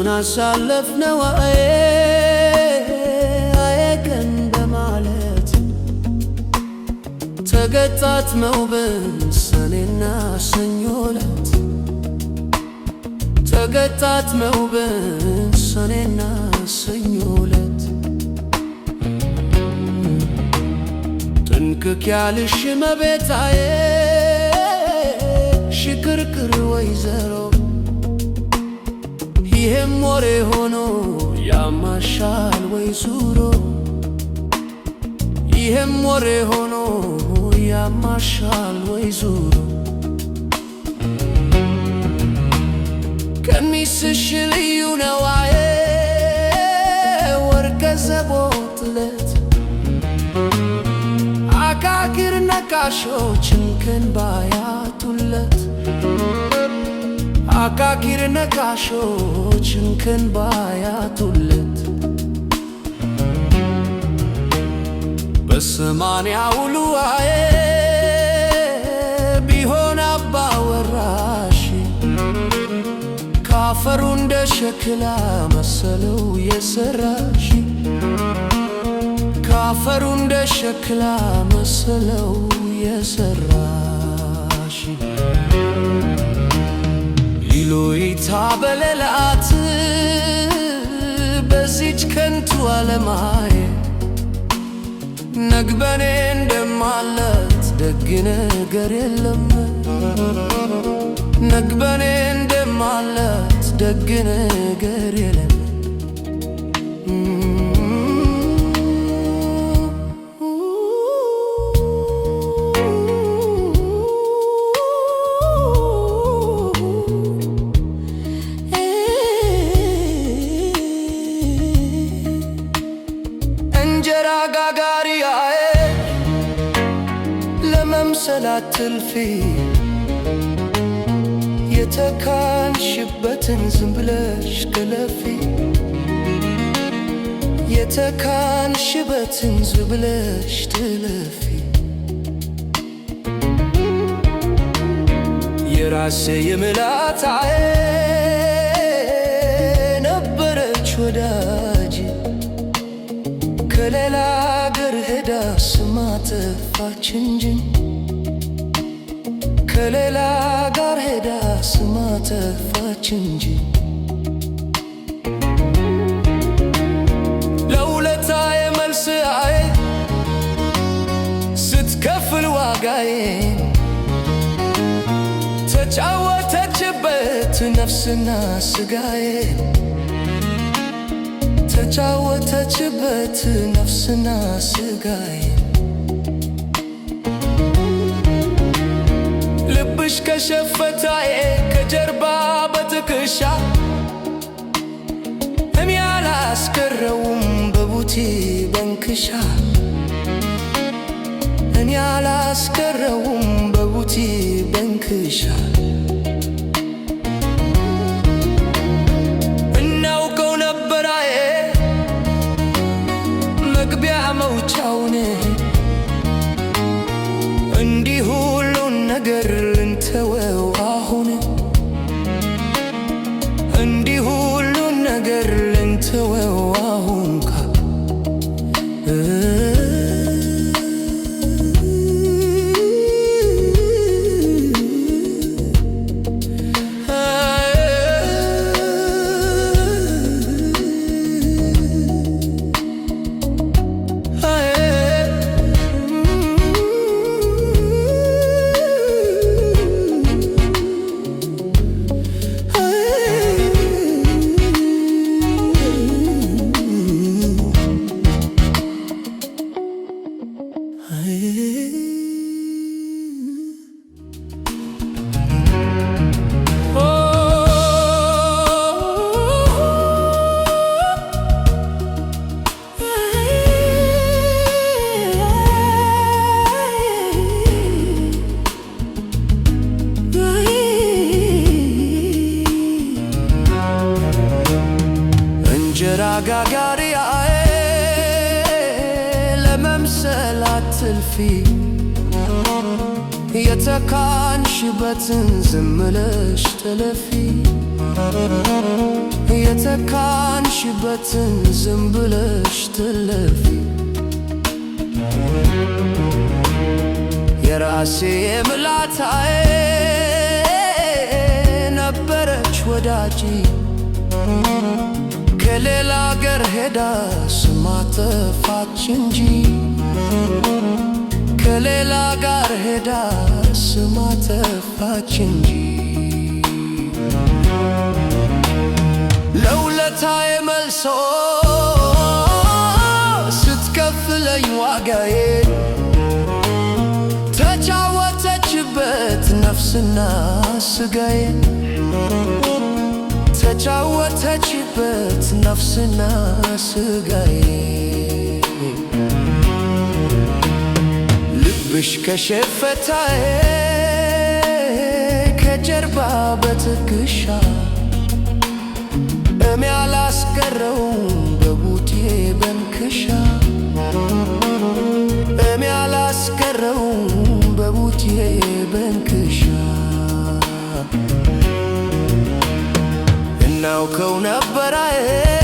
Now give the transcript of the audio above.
ብዙን አሳለፍነው አዬ አዬ ቀን በማለት ተገጣጥመው በሰኔና ሰኞ ዕለት ተገጣጥመው በሰኔና ሰኞ ዕለት ጥንቅቅ ያልሽ መቤታዬ ሽክርክር ወይዘሮ ይሄም ወሬ ሆኖ ያማሻል ወይ ዙሮ ይሄም ወሬ ሆኖ ያማሻል ወይ ዙሮ ቀሚስሽ ልዩ ነው ወርቀ ዘቦ ጥለት አካኪር ከንባያቱለት አቃቂር ነቃሾች እንከን ባያቱለት በሰማንያ ውሉዋዬ ቢሆን አባ ወራሽ ካፈሩ እንደ ሸክላ መሰለው የሰራሽ ካፈሩ እንደ ሸክላ መሰለው የሰራሽ ሉይታ በሌላት በዚች ከንቱ ዓለማዬ ነግበኔ እንደማለት ደግ ነገር የለም ነግበኔ እንደማለት ደግ ነገር የለም መምሰል አትልፊ የተካንሽበትን ዝም ብለሽ ገለፊ የተካንሽበትን ዝም ብለሽ ትለፊ የራሴ የምላት ነበረች ወዳጅ ከሌላ አገር ሄዳ ስማ ጠፋች ከሌላ ጋር ሄዳ ስማ ተፋች እንጂ ለውለታዬ አይ ስትከፍል ዋጋዬ ተጫወተችበት ነፍስና ስጋዬ ተጫወተችበት ነፍስና ስጋዬ ሸፈታዬ ከጀርባ በትከሻ እኔ አላስቀረውም በቡቲ በንክሻ እኔ አላስቀረውም በቡቴ በንክሻ ተነጋጋሪ አዬ ለመምሰል አትልፊ የተካንሽበትን ዝምለሽ ብለሽ ጥለፊ የተካንሽበትን ዝም ትለፊ የራሴ የምላታዬ ነበረች ወዳጅ ሌላ አገር ሄዳ ስማተ ፋችንጂ እንጂ ከሌላ ጋር ሄዳ ስማተ ፋችንጂ እንጂ ለውለታዬ መልሶ ስትከፍለኝ ዋጋዬ ተጫወተችበት ነፍስና ስጋዬ ተጫወተችበት ነፍስና ስጋዬ ልብሽ ከሸፈታዬ ከጀርባ በትከሻ እሜ አላስቀረውም በቡቴ በንክሻ እሜ አላስቀረውም በቡቴ በንክሻ now grown up, but I am.